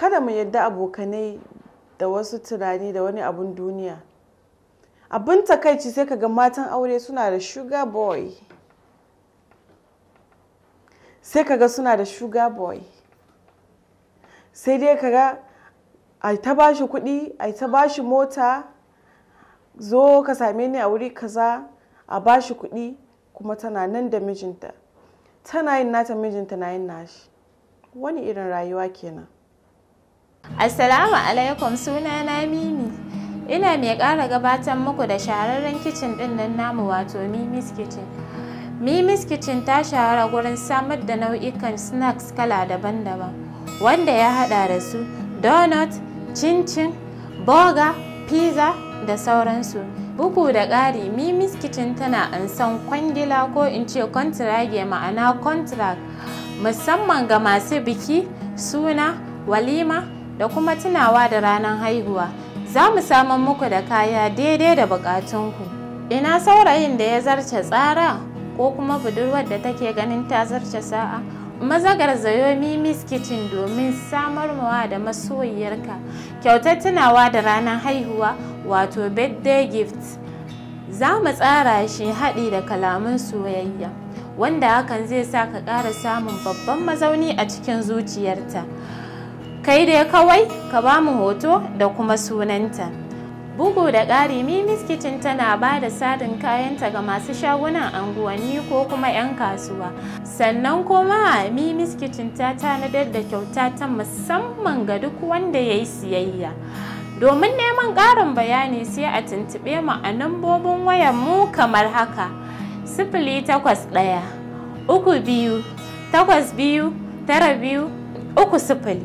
kada mu yadda abokanai da wasu tunani da wani abun duniya abin takaici sai kaga matan aure suna da sugar boy sai kaga suna da sugar boy sai dai kaga a ta bashi kuɗi a ta bashi mota zo ka same ni a wuri kaza a bashi kuɗi kuma tana nan da mijinta tana yin nata mijinta na yin nashi wani irin rayuwa kenan Assalamu alaikum suna na Mimi. Ina mai ƙara gabatar muku da shahararren kicin ɗin nan namu wato Mimi's Kitchen. Mimi's Kitchen ta shahara gurin samar da nau'ikan snacks kala daban-daban wanda ya haɗa da su donut, cin-cin, burger, pizza da sauransu. Bugu da ƙari, Mimi's Kitchen tana ansan kwangila ko in ce kontrage ma'ana contract musamman ga masu biki, suna, walima, da kuma tunawa da ranar haihuwa za mu saman muku da kaya daidai da bukatunku ina saurayin da ya zarce tsara ko kuma budurwar da take ganin ta zarce sa'a mazagar zayo mimis kitchen domin samar mawa da masoyiyarka kyautar tunawa da ranar haihuwa wato birthday gift za mu tsara shi haɗi da kalaman soyayya wanda hakan zai sa ka ƙara samun babban mazauni a cikin zuciyarta kai dai kawai ka ba mu hoto da kuma sunanta bugu da ƙari mimis kitchen tana ba da sadin kayanta ga masu shagunan anguwanni ko kuma 'yan kasuwa sannan kuma mimis kitchen ta tanadar da kyauta ta musamman ga duk wanda ya yi siyayya domin neman ƙarin bayani sai a tuntuɓe mu a nambobin wayar mu kamar haka sifili takwas ɗaya uku biyu takwas biyu tara biyu uku sifili